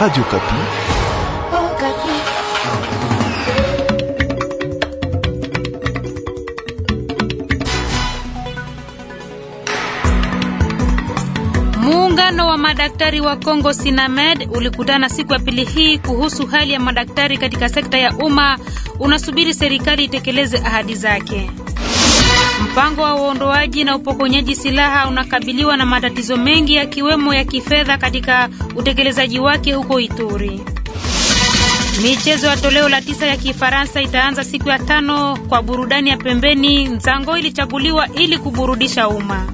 Radio Kapi. Oh, Kapi. Muungano wa madaktari wa Kongo Sinamed ulikutana siku ya pili hii kuhusu hali ya madaktari katika sekta ya umma, unasubiri serikali itekeleze ahadi zake. Mpango wa uondoaji na upokonyaji silaha unakabiliwa na matatizo mengi yakiwemo ya kifedha katika utekelezaji wake huko Ituri. Michezo ya toleo la tisa ya Kifaransa itaanza siku ya tano kwa burudani ya pembeni. nzango ilichaguliwa ili kuburudisha umma.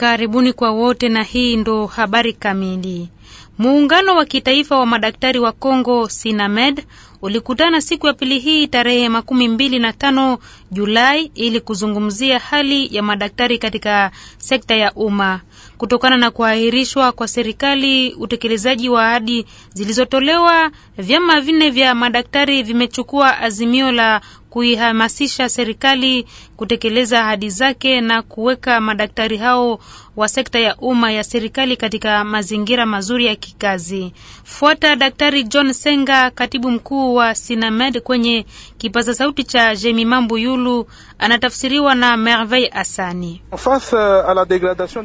Karibuni kwa wote na hii ndo habari kamili. Muungano wa kitaifa wa madaktari wa congo Sinamed ulikutana siku ya pili hii tarehe makumi mbili na tano Julai ili kuzungumzia hali ya madaktari katika sekta ya umma kutokana na kuahirishwa kwa serikali utekelezaji wa ahadi zilizotolewa. Vyama vinne vya madaktari vimechukua azimio la kuihamasisha serikali kutekeleza ahadi zake na kuweka madaktari hao wa sekta ya umma ya serikali katika mazingira mazuri ya kikazi. Fuata Daktari John Senga, katibu mkuu wa Sinamed, kwenye kipaza sauti cha jemi mambu yulu anatafsiriwa na Merveille Asani.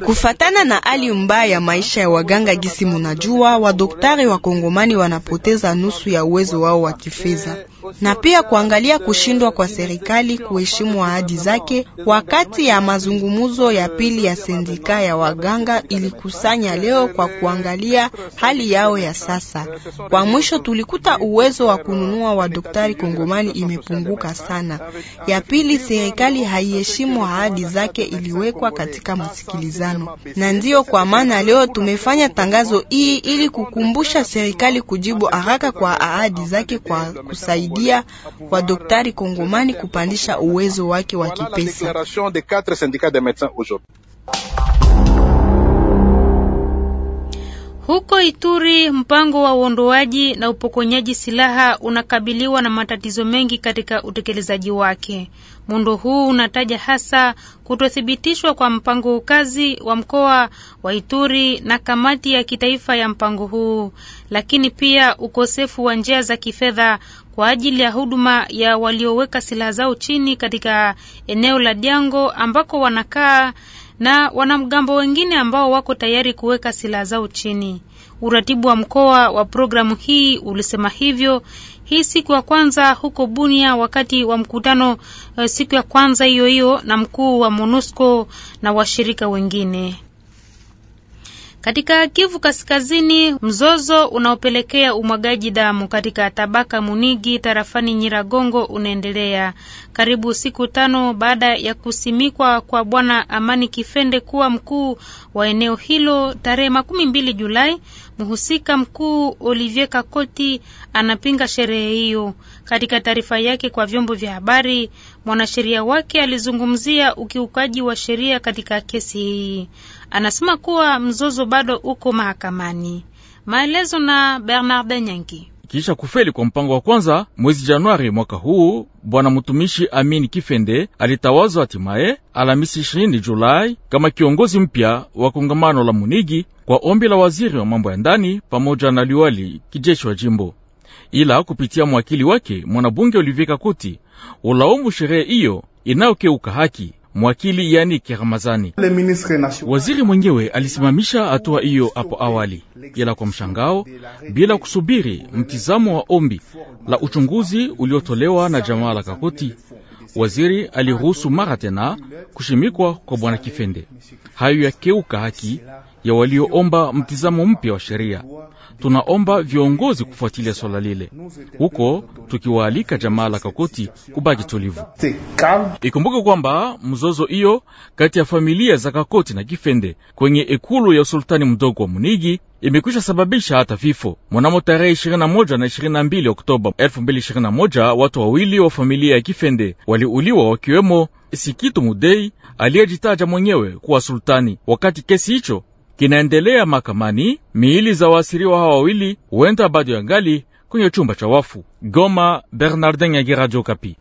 Kufatana na hali mbaya ya maisha ya waganga, gisi munajua, wadoktari wakongomani wanapoteza nusu ya uwezo wao wa kifedha na pia kuangalia kushindwa kwa serikali kuheshimu ahadi zake. Wakati ya mazungumzo ya pili ya sendika ya waganga ilikusanya leo kwa kuangalia hali yao ya sasa. Kwa mwisho, tulikuta uwezo wa kununua wa daktari Kongomani imepunguka sana. Ya pili, serikali haiheshimu ahadi zake iliwekwa katika masikilizano, na ndiyo kwa maana leo tumefanya tangazo hii ili kukumbusha serikali kujibu haraka kwa ahadi zake kwa kusaidia kusaidia kwa daktari kongomani kupandisha uwezo wake wa kipesa. Huko Ituri, mpango wa uondoaji na upokonyaji silaha unakabiliwa na matatizo mengi katika utekelezaji wake. Muundo huu unataja hasa kutothibitishwa kwa mpango kazi wa mkoa wa Ituri na kamati ya kitaifa ya mpango huu, lakini pia ukosefu wa njia za kifedha kwa ajili ya huduma ya walioweka silaha zao chini katika eneo la Diango ambako wanakaa na wanamgambo wengine ambao wako tayari kuweka silaha zao chini. Uratibu wa mkoa wa programu hii ulisema hivyo hii siku ya kwanza huko Bunia, wakati wa mkutano eh, siku ya kwanza hiyo hiyo na mkuu wa MONUSCO na washirika wengine. Katika Kivu Kaskazini, mzozo unaopelekea umwagaji damu katika tabaka Munigi tarafani Nyiragongo unaendelea karibu siku tano baada ya kusimikwa kwa Bwana Amani Kifende kuwa mkuu wa eneo hilo tarehe makumi mbili Julai. Mhusika mkuu Olivier Kakoti anapinga sherehe hiyo. Katika taarifa yake kwa vyombo vya habari, mwanasheria wake alizungumzia ukiukaji wa sheria katika kesi hii anasema kuwa mzozo bado uko mahakamani. Maelezo na Bernard Nyangi. Kisha kufeli kwa mpango wa kwanza mwezi Januari mwaka huu, bwana mtumishi Amin Kifende alitawazwa hatimaye Alhamisi 20 Julai kama kiongozi mpya wa kongamano la Munigi kwa ombi la waziri wa mambo ya ndani pamoja na liwali kijeshi wa jimbo, ila kupitia mwakili wake mwanabunge Olivier Kakuti ulaumu sherehe hiyo inayokeuka haki mwakili yani Kiramazani. Waziri mwenyewe alisimamisha hatua hiyo hapo awali, ila kwa mshangao, bila kusubiri mtizamo wa ombi la uchunguzi uliotolewa na jamaa la Kakoti, waziri aliruhusu mara tena kushimikwa kwa bwana Kifende. Hayo yakeuka haki ya walioomba mtizamo mpya wa sheria. Tunaomba viongozi kufuatilia swala lile huko, tukiwaalika jamaa la Kakoti kubaki tulivu. Ikumbuke kwamba mzozo hiyo kati ya familia za Kakoti na Kifende kwenye ekulu ya usultani mdogo wa Munigi imekwisha sababisha hata vifo mwanamo tarehe 21 na 22 Oktoba 2021. Watu wawili wa familia ya Kifende waliuliwa wakiwemo Sikitu Mudei aliyejitaja mwenyewe kuwa sultani, wakati kesi hicho kinaendelea makamani Miili za waasiriwa hawa wawili huenda bado yangali kwenye chumba cha wafu. Goma, Bernardin Nyangi, Radio Okapi.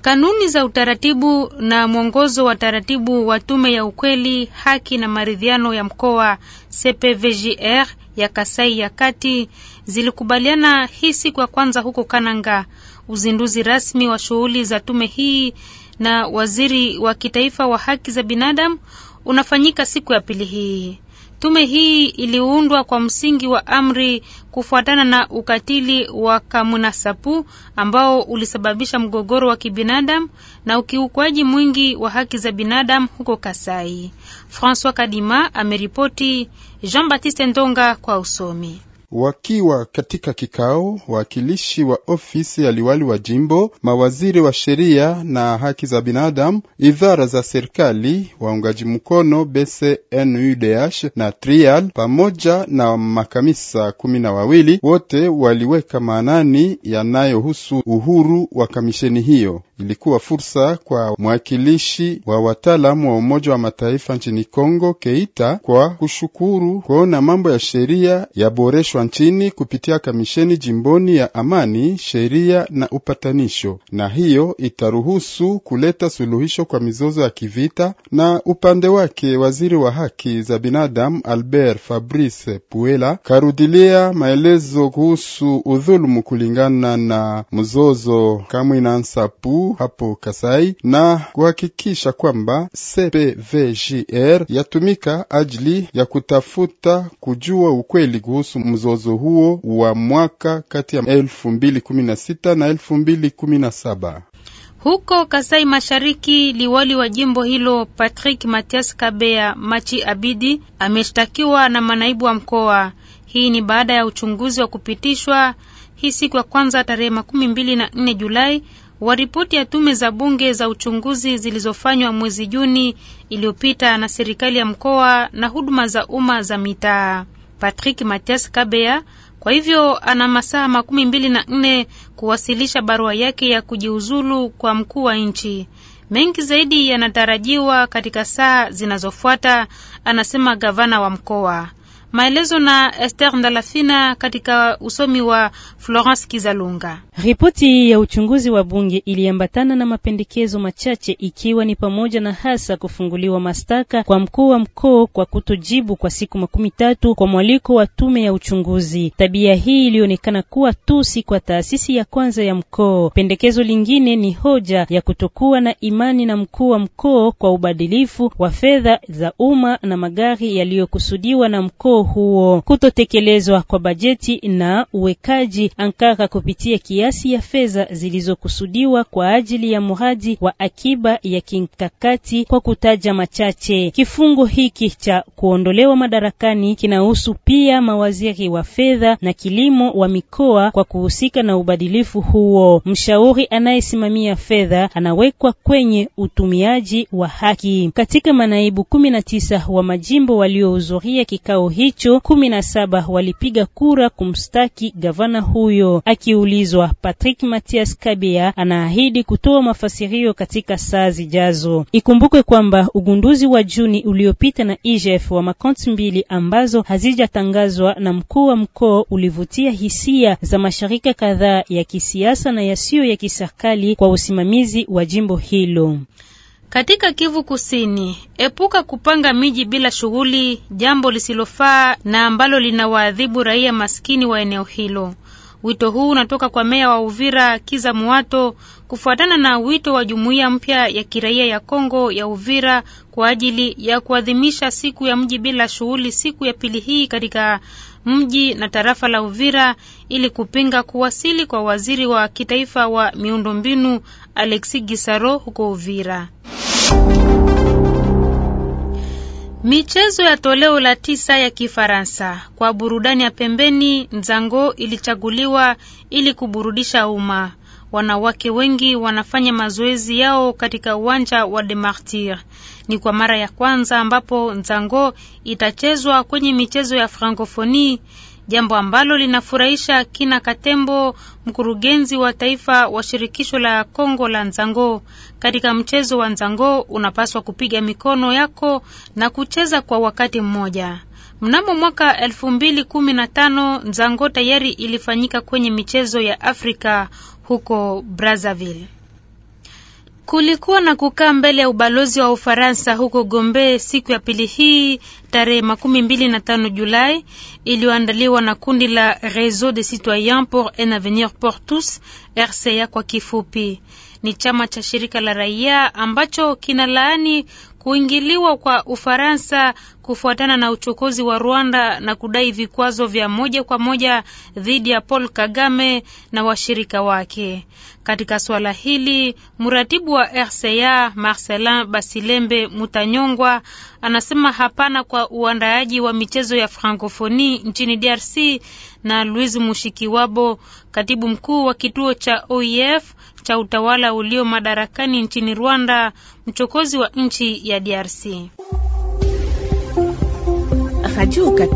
Kanuni za utaratibu na mwongozo wa taratibu wa tume ya ukweli, haki na maridhiano ya mkoa CPVJR ya Kasai ya Kati zilikubaliana hii siku ya kwanza huko Kananga. Uzinduzi rasmi wa shughuli za tume hii na waziri wa kitaifa wa haki za binadamu unafanyika siku ya pili hii. Tume hii iliundwa kwa msingi wa amri kufuatana na ukatili wa Kamunasapu ambao ulisababisha mgogoro wa kibinadamu na ukiukwaji mwingi wa haki za binadamu huko Kasai. François Kadima ameripoti, Jean Baptiste Ndonga kwa usomi. Wakiwa katika kikao, wawakilishi wa ofisi ya liwali wa jimbo, mawaziri wa sheria na haki za binadamu, idara za serikali, waungaji mkono BCNUDH na Trial pamoja na makamisa kumi na wawili, wote waliweka maanani yanayohusu uhuru wa kamisheni hiyo. Ilikuwa fursa kwa mwakilishi wa wataalamu wa Umoja wa Mataifa nchini Kongo Keita kwa kushukuru kuona mambo ya sheria yaboreshwa nchini kupitia kamisheni jimboni ya amani, sheria na upatanisho, na hiyo itaruhusu kuleta suluhisho kwa mizozo ya kivita. Na upande wake waziri wa haki za binadamu Albert Fabrice Puela karudilia maelezo kuhusu udhulumu kulingana na mzozo Kamwina Nsapu hapo Kasai na kuhakikisha kwamba CPVJR yatumika ajili ya kutafuta kujua ukweli kuhusu mzozo mzozo huo wa mwaka kati ya elfu mbili kumi na sita na elfu mbili kumi na saba. Huko Kasai Mashariki, liwali wa jimbo hilo Patrick Matias Kabea Machi Abidi ameshtakiwa na manaibu wa mkoa. Hii ni baada ya uchunguzi wa kupitishwa hii siku ya kwanza tarehe makumi mbili na nne Julai wa ripoti ya tume za bunge za uchunguzi zilizofanywa mwezi Juni iliyopita na serikali ya mkoa na huduma za umma za mitaa. Patrick Matias Kabea. Kwa hivyo ana masaa makumi mbili na nne kuwasilisha barua yake ya kujiuzulu kwa mkuu wa nchi. Mengi zaidi yanatarajiwa katika saa zinazofuata, anasema gavana wa mkoa. Maelezo na Esther Ndalafina katika usomi wa Florence Kizalunga. Ripoti ya uchunguzi wa bunge iliambatana na mapendekezo machache ikiwa ni pamoja na hasa kufunguliwa mashtaka kwa mkuu wa mkoa kwa kutojibu kwa siku makumi tatu kwa mwaliko wa tume ya uchunguzi. Tabia hii ilionekana kuwa tusi kwa taasisi ya kwanza ya mkoa. Pendekezo lingine ni hoja ya kutokuwa na imani na mkuu wa mkoa kwa ubadilifu wa fedha za umma na magari yaliyokusudiwa na mkoa huo. Kutotekelezwa kwa bajeti na uwekaji Ankara kupitia kiasi ya fedha zilizokusudiwa kwa ajili ya mradi wa akiba ya kimkakati, kwa kutaja machache. Kifungo hiki cha kuondolewa madarakani kinahusu pia mawaziri wa fedha na kilimo wa mikoa kwa kuhusika na ubadilifu huo. Mshauri anayesimamia fedha anawekwa kwenye utumiaji wa haki. Katika manaibu kumi na tisa wa majimbo waliohudhuria kikao hiki hicho kumi na saba walipiga kura kumstaki gavana huyo. Akiulizwa, Patrick Matias Kabea anaahidi kutoa mafasirio katika saa zijazo. Ikumbukwe kwamba ugunduzi wa Juni uliopita na IGF wa makonti mbili ambazo hazijatangazwa na mkuu wa mkoa ulivutia hisia za mashirika kadhaa ya kisiasa na yasiyo ya kiserikali kwa usimamizi wa jimbo hilo. Katika Kivu Kusini, epuka kupanga miji bila shughuli, jambo lisilofaa na ambalo linawaadhibu raia maskini wa eneo hilo. Wito huu unatoka kwa meya wa Uvira Kiza Muato kufuatana na wito wa jumuiya mpya ya kiraia ya Kongo ya Uvira kwa ajili ya kuadhimisha siku ya mji bila shughuli siku ya pili hii katika mji na tarafa la Uvira ili kupinga kuwasili kwa waziri wa kitaifa wa miundombinu Alexi Gisaro huko Uvira. Michezo ya toleo la tisa ya Kifaransa kwa burudani ya pembeni, Nzango ilichaguliwa ili kuburudisha umma wanawake wengi wanafanya mazoezi yao katika uwanja wa De Martir. Ni kwa mara ya kwanza ambapo nzango itachezwa kwenye michezo ya Francophonie, jambo ambalo linafurahisha kina Katembo, mkurugenzi wa taifa wa shirikisho la Kongo la nzango. Katika mchezo wa nzango unapaswa kupiga mikono yako na kucheza kwa wakati mmoja. Mnamo mwaka 2015 mbili mzango tayari ilifanyika kwenye michezo ya Afrika huko Brazzaville. Kulikuwa na kukaa mbele ya ubalozi wa Ufaransa huko Gombe siku ya pili hii tarehe makumi mbili na tano Julai iliyoandaliwa na kundi la Réseau des Citoyens pour un Avenir pour Tous, RCA kwa kifupi. Ni chama cha shirika la raia ambacho kinalaani kuingiliwa kwa Ufaransa kufuatana na uchokozi wa Rwanda na kudai vikwazo vya moja kwa moja dhidi ya Paul Kagame na washirika wake. Katika suala hili, mratibu wa RCA Marcelin Basilembe Mutanyongwa anasema hapana kwa uandaaji wa michezo ya Francophonie nchini DRC na Louis Mushikiwabo, katibu mkuu wa kituo cha OIF cha utawala ulio madarakani nchini Rwanda, mchokozi wa nchi ya DRC. Radio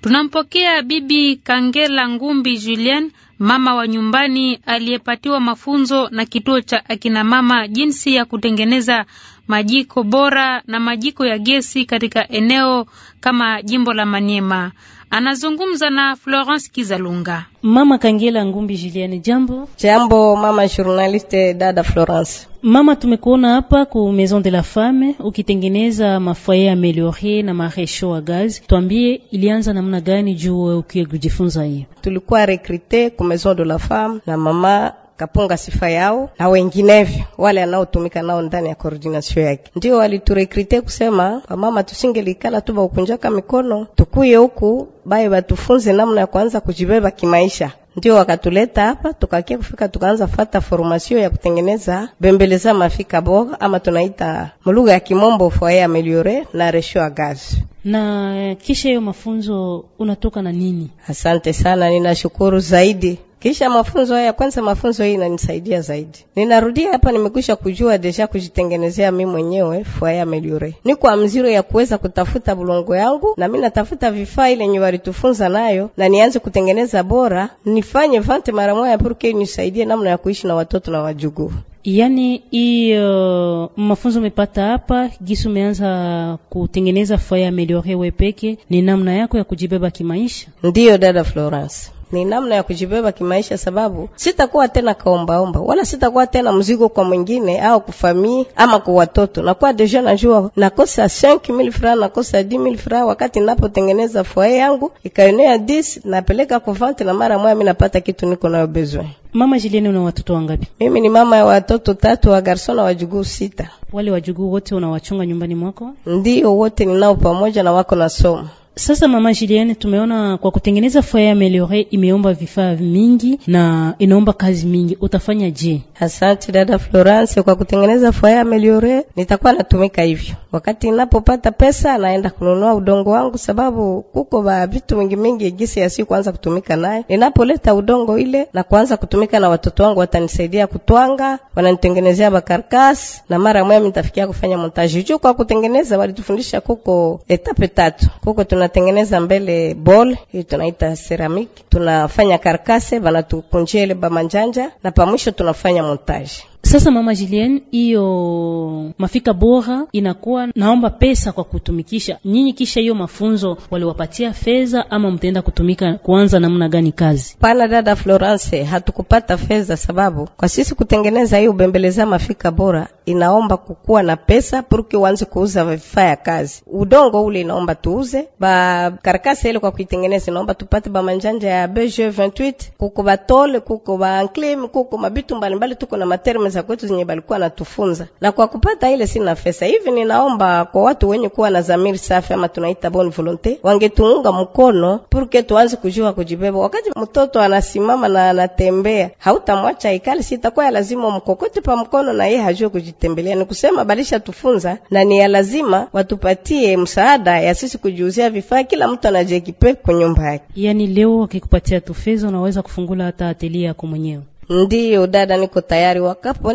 Tunampokea Bibi Kangela Ngumbi Julien, mama wa nyumbani aliyepatiwa mafunzo na kituo cha akina mama jinsi ya kutengeneza majiko bora na majiko ya gesi katika eneo kama jimbo la Maniema. Anazungumza na Florence Kizalunga. Mama Kangela Ngumbi Juliani, jambo. Jambo mama journaliste dada Florence. Mama, tumekuona hapa ku Maison de la Femme ukitengeneza mafoyer ameliorie na maresho a gaz. Tuambie ilianza namna gani juu ukie kujifunza hiyo? Tulikuwa rekrite ku Maison de la Femme na mama kapunga sifa yao na wenginevyo wale anaotumika nao ndani ya koordination yake. Ndio waliturekrite kusema mama, tusingelikala tu baukunjaka mikono, tukuye huku baye batufunze namna ya kuanza kujibeba kimaisha ndio wakatuleta hapa, tukakia kufika tukaanza fata formasio ya kutengeneza bembeleza mafika boga ama tunaita mlugha ya kimombo foyer ameliore na resho a gaz. Na eh, kisha hiyo mafunzo unatoka na nini? Asante sana, ninashukuru zaidi kisha mafunzo haya kwanza, mafunzo hii inanisaidia zaidi. Ninarudia hapa, nimekwisha kujua deja kujitengenezea mimi mwenyewe fuaya ameliore, niko amziro ya kuweza kutafuta bulongo yangu, na mimi natafuta vifaa ile yenye walitufunza nayo, na nianze kutengeneza bora, nifanye vante mara moja, purke nisaidie namna ya kuishi na watoto na wajuguu Yaani hiyo uh, mafunzo umepata hapa gisi umeanza kutengeneza fwaya ameliore wepeke, ni namna yako ya kujibeba kimaisha. Ndiyo dada Florence ni namna ya kujibeba kimaisha, sababu sitakuwa tena kaombaomba wala sitakuwa tena mzigo kwa mwingine au kufamii ama kwa watoto. Nakuwa deja najua nakosa 5000 francs, nakosa 10000 fr wakati napotengeneza foyer yangu ikaenea 10 napeleka kwa 20 na mara moja mimi napata kitu niko nayo bezwe. Mama Jilieni, una watoto wangapi? Mimi ni mama ya watoto tatu wa na wajuguu sita. Wale wajuguu wote unawachunga nyumbani mwako? Ndio, wote ninao pamoja na wako na somo sasa mama Julienne, tumeona kwa kutengeneza foyer ameliore imeomba vifaa mingi na inaomba kazi mingi, utafanya je? Asante dada Florence, kwa kutengeneza foyer ameliore nitakuwa natumika hivyo. Wakati ninapopata pesa naenda kununua udongo wangu, sababu kuko ba vitu mingi mingi gisi si kuanza kutumika naye. Ninapoleta udongo ile na kuanza kutumika na watoto wangu, watanisaidia kutwanga, wananitengenezea bakarkas na mara moja nitafikia kufanya montage juu. Kwa kutengeneza walitufundisha kuko etape tatu, kuko tuna tunatengeneza mbele bol hii tunaita ceramic, tunafanya karkase, banatukunjia bamanjanja na pamwisho tunafanya montage. Sasa mama Julien, hiyo mafika bora inakuwa naomba pesa kwa kutumikisha nyinyi, kisha hiyo mafunzo waliwapatia fedha ama mtaenda kutumika kuanza namna gani kazi? Pana dada Florence, hatukupata fedha sababu kwa sisi kutengeneza hiyo bembeleza mafika bora inaomba kukuwa na pesa purke uanze kuuza vifaa ya kazi. Udongo ule inaomba tuuze, ba karakasi ile kwa kuitengeneza inaomba tupate ba manjanja ya bg 28, kuko batole, kuko ba anclim, kuko mabitu mbalimbali, tuko na materme za kwetu zenye balikuwa natufunza. Na kwa kupata ile sina pesa hivi, ninaomba kwa watu wenye kuwa na zamiri safi ama tunaita bon volonté, wangetuunga mkono purke tuanze kujua kujibeba. Wakati mtoto anasimama na anatembea, hautamwacha ikali, sitakuwa lazima mkokote pa mkono na yeye hajue kujitembea kutembelea. ni kusema balisha tufunza na ni ya lazima watupatie msaada ya sisi kujiuzia vifaa, kila mtu anajekipe kwa nyumba yake. Yani leo wakikupatia tufeza unaweza kufungula hata atelia yako mwenyewe. Ndiyo dada, niko tayari.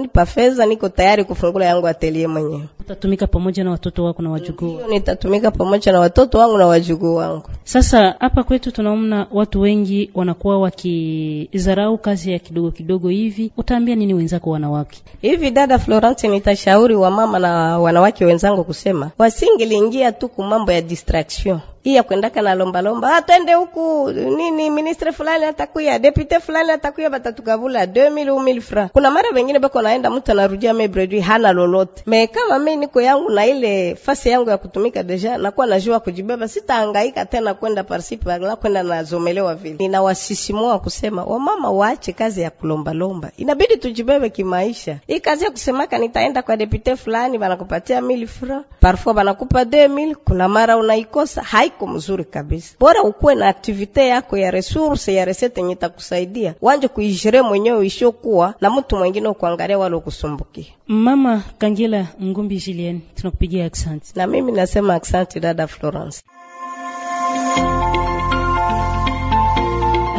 nipa fedha, niko tayari kufungula yangu atelie mwenyewe. Utatumika pamoja na watoto wako na wajukuu? Ndio, Nitatumika pamoja na watoto wangu na wajukuu wangu. Sasa hapa kwetu tunaona watu wengi wanakuwa wakizarau kazi ya kidogo kidogo hivi, utaambia nini wenzako wanawake hivi? Dada Florence, nitashauri wamama na wanawake wenzangu kusema wasingeliingia tu mambo ya distraction hii ya kwendaka na lomba lomba, ah, twende huku nini, ministre fulani atakuya, depute fulani atakuya, batatukavula 2000 ou 1000 francs. Kuna mara wengine bako naenda, mtu anarudia me produit hana lolote me kama me mimi niko yangu na ile fasi yangu ya kutumika deja, nakuwa najua kujibeba, sitahangaika tena kwenda parsipa kwenda nazomelewa vile. Ninawasisimua kusema wamama waache kazi ya kulombalomba, inabidi tujibebe kimaisha. Hii kazi ya kusemaka nitaenda kwa depute fulani banakupatia mili fura, parfois banakupa 2000 kuna mara unaikosa, haiko mzuri kabisa. Bora ukuwe na aktivite yako ya resource ya resete yenye wanje kuijire mwenyewe, ishokuwa na mtu mwingine ukuangalia wala ukusumbukia. Mama Kangela Ngumbi Julien, tunakupigia asante. Na mimi nasema asante dada Florence.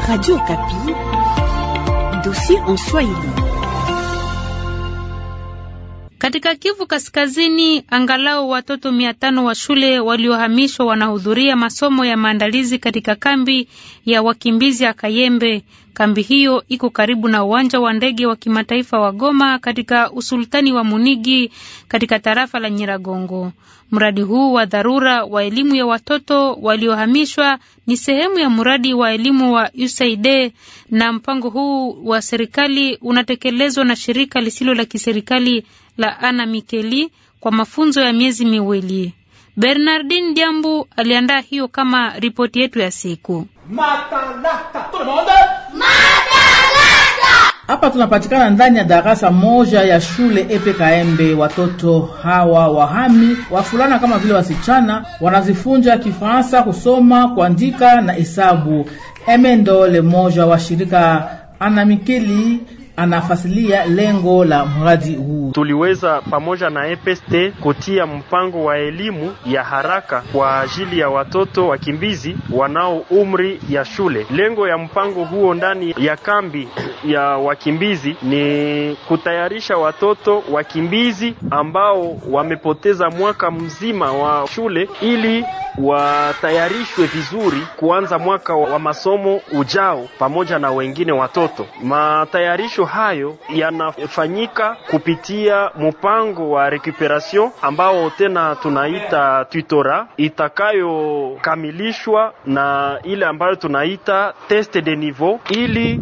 Radio Kapi, dossier en Swahili. Katika Kivu Kaskazini, angalau watoto mia tano wa shule waliohamishwa wanahudhuria masomo ya maandalizi katika kambi ya wakimbizi ya Kayembe. Kambi hiyo iko karibu na uwanja wa ndege wa kimataifa wa Goma katika usultani wa Munigi katika tarafa la Nyiragongo. Mradi huu wa dharura wa elimu ya watoto waliohamishwa ni sehemu ya mradi wa elimu wa USAID na mpango huu wa serikali unatekelezwa na shirika lisilo la kiserikali la Ana Mikeli kwa mafunzo ya miezi miwili. Bernardin Jambu aliandaa hiyo kama ripoti yetu ya siku. Matalata. Tout le monde. Matalata. Hapa tunapatikana ndani ya darasa moja ya shule EPKMB. Watoto hawa wahami wafulana kama vile wasichana wanazifunja Kifaransa, kusoma, kuandika na hesabu. Emendo le moja wa shirika Anamikeli anafasilia lengo la mradi huu. Tuliweza pamoja na EPST kutia mpango wa elimu ya haraka kwa ajili ya watoto wakimbizi wanao umri ya shule. Lengo ya mpango huo ndani ya kambi ya wakimbizi ni kutayarisha watoto wakimbizi ambao wamepoteza mwaka mzima wa shule ili watayarishwe vizuri kuanza mwaka wa masomo ujao pamoja na wengine watoto. Matayarisho hayo yanafanyika kupitia mpango wa recuperation ambao tena tunaita tutora, itakayokamilishwa na ile ambayo tunaita test de niveau, ili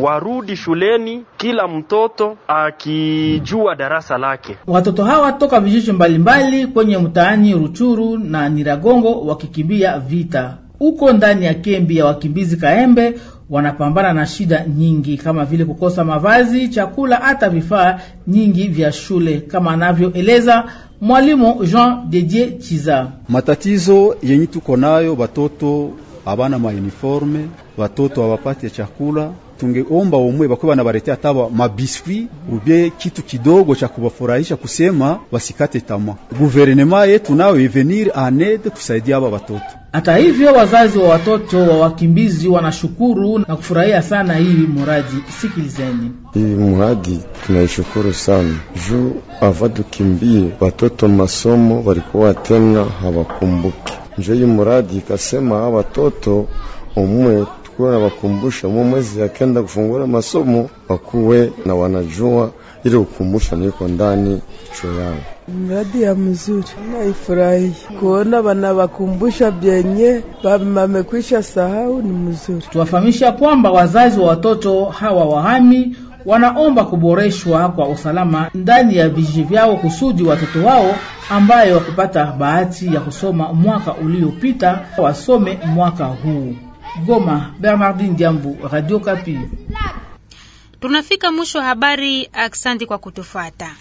warudi shuleni kila mtoto akijua darasa lake. Watoto hawa toka vijiji mbalimbali kwenye mtaani Ruchuru na Niragongo wakikimbia vita uko ndani ya kembi ya wakimbizi Kaembe wanapambana na shida nyingi kama vile kukosa mavazi, chakula, hata vifaa nyingi vya shule, kama anavyoeleza mwalimu Jean Dedie Chiza. Matatizo yenye tuko nayo, watoto havana mauniforme, watoto hawapate chakula tungeomba omwe bakwe banabaletea hata mabiswi ubye kitu kidogo cha kubafurahisha, kusema wasikate tama. Guverinema yetu nayo ivenir e anede kusaidia aba watoto. Hata hivyo, wazazi wa watoto wa wakimbizi wanashukuru na kufurahia sana hii muradi. Sikilizeni hii muradi, tunaishukuru sana juu avadukimbie watoto masomo walikuwa tena hawakumbuki njo hii muradi ikasema watoto omwe kuwa wakumbusha mu mwezi akenda kufungura masomo wakuwe na wanajua ile ukumbusha niko ndani chuo yao. Mradi ya mzuri naifurahi kuona wakumbusha vyenye wamekwisha sahau, ni mzuri. Tuwafahamisha kwamba wazazi wa watoto hawa wahami wanaomba kuboreshwa kwa usalama ndani ya vijiji vyao kusudi watoto wao ambayo wakupata bahati ya kusoma mwaka uliopita wasome mwaka huu. Goma, Bernardin Jambu, Radio Kapi. Tunafika mwisho wa habari. aksandi kwa kutufuata.